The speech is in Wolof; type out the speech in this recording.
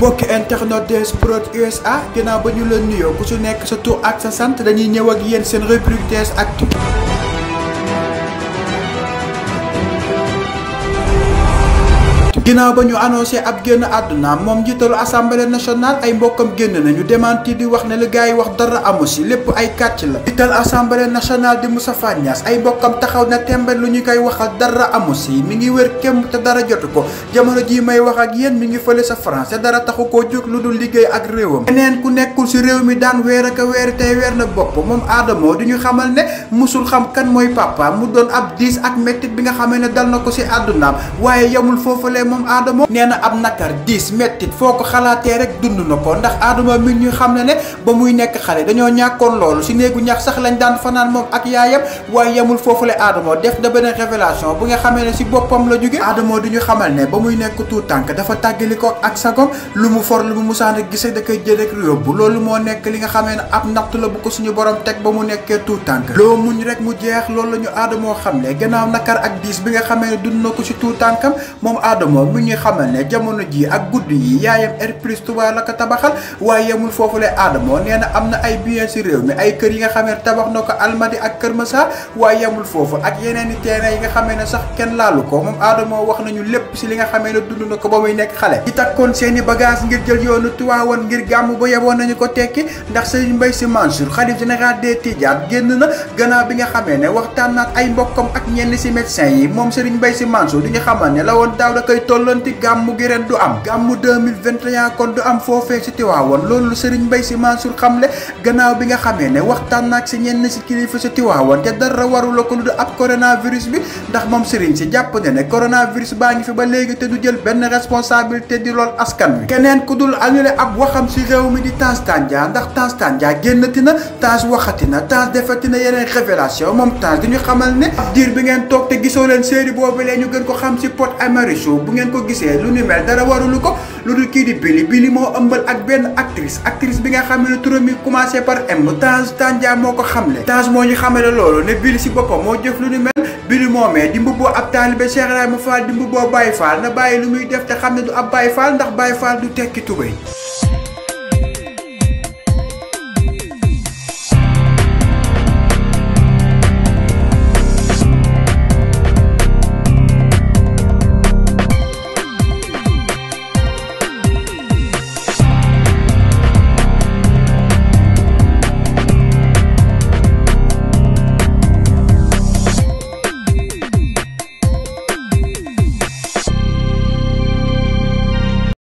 bokk internet des Prod USA ginnaaw ba ñu leen nuyoo bu su nekk sa tur ak sa sant dañuy ñëw ak yéen seen rubrique DS Actu ginnaaw ba ñu annoncé ab génn àdduna moom njiitalu assemblée national ay mbokkam génn nañu démenti di wax ne li gars yi wax dara amu si lépp ay kàcc la njiital assemblée nationale di Moustapha Niasse ay mbokkam taxaw na tembe lu ñu koy waxal dara amu si mu ngi wér kémm te dara jotu ko jamono jii may wax ak yéen mi ngi fële sa France te dara taxu koo jóg lu dul liggéey ak réewam keneen ku nekkul si réew mi daan weer ak a weer tey weer na bopp moom Adamo di ñu xamal ne musul xam kan mooy papa mu doon ab diis ak méttit bi nga xamee ne dal na ko si àddunaam doomu aadama nee na ab nakar diis mettit foo ko xalaatee rek dund na ko ndax aadama mi ñu xam ne ne ba muy nekk xale dañoo ñàkkoon loolu si néegu ñax sax lañ daan fanaan moom ak yaayam waaye yemul foofule aadama def da beneen révélation bu nga xamee ne si boppam la jóge aadama du ñu xamal ne ba muy nekk tout tànk dafa tàggali ko ak sagom lu mu for lu mu musaan rek gise da koy jël rek yóbbu loolu moo nekk li nga xamee ne ab natt la bu ko suñu borom teg ba mu nekkee tout tànk loo muñ rek mu jeex loolu la ñu aadamoo xam ne gannaaw nakar ak diis bi nga xamee ne dund na ko si tout tànkam moom moom mi ñuy xamal ne jamono ji ak guddi yi yaayam air plus Touba la ko tabaxal waaye yemul foofule Adamo nee na am na ay biens si réew mi ay kër yi nga xam ne tabax na ko Almadi ak Kër Massar waaye yemul foofu ak yeneen i terrain yi nga xamee ne sax kenn laalu ko moom Adamo wax nañu lépp si li nga xamee ne dund na ko ba muy nekk xale yi takkoon seen i bagage ngir jël yoonu Tiwaawan ngir gàmm ba yeboon nañu ko tekki ndax Serigne Mbaye Sy Mansour xalif général des Tidianes génn na gannaaw bi nga xamee ne waxtaan ay mbokkam ak ñenn si médecins yi moom Serigne Mbaye Sy Mansour di tollanti gàmmu gi ren du am gàmmu 2021 kon du am foofee ci Tiwaawoon loolu Serigne Mbaye Sy Mansour xamle gannaaw bi nga xamee ne waxtaan naag si ñenn si kilifa si Tiwaawoon te dara warula ko lu du ab coronavirus bi ndax moom Serigne si jàpp ne ne coronavirus baa ngi fi ba léegi te du jël benn responsabilité di lool askan wi keneen ku dul annulé ab waxam si réew mi di Tange Tandian ndax Tange Tandian génnati na Tange waxati na Tange defati na yeneen révélation moom Tange di ñu xamal ne diir bi ngeen toog te gisoo leen série boobu lee ñu gën ko xam si Pod et Marichou ngeen ko gisee lu ni mel dara warulu ko lu dul kii di Billy Billy moo ëmbal ak benn actrice actrice bi nga xam ne turam yi commencé par M Tange Tandian moo ko xamle Tange moo ñu xamale loolu ne Billy si boppam moo jëf lu ni mel Billy moomee di mbubboo ab taalibe Cheikh Ibrahima Fall di mbubboo Baye Fall na bàyyi lu muy def te xam ne du ab Baye Fall ndax Baye faal du tekki tubéy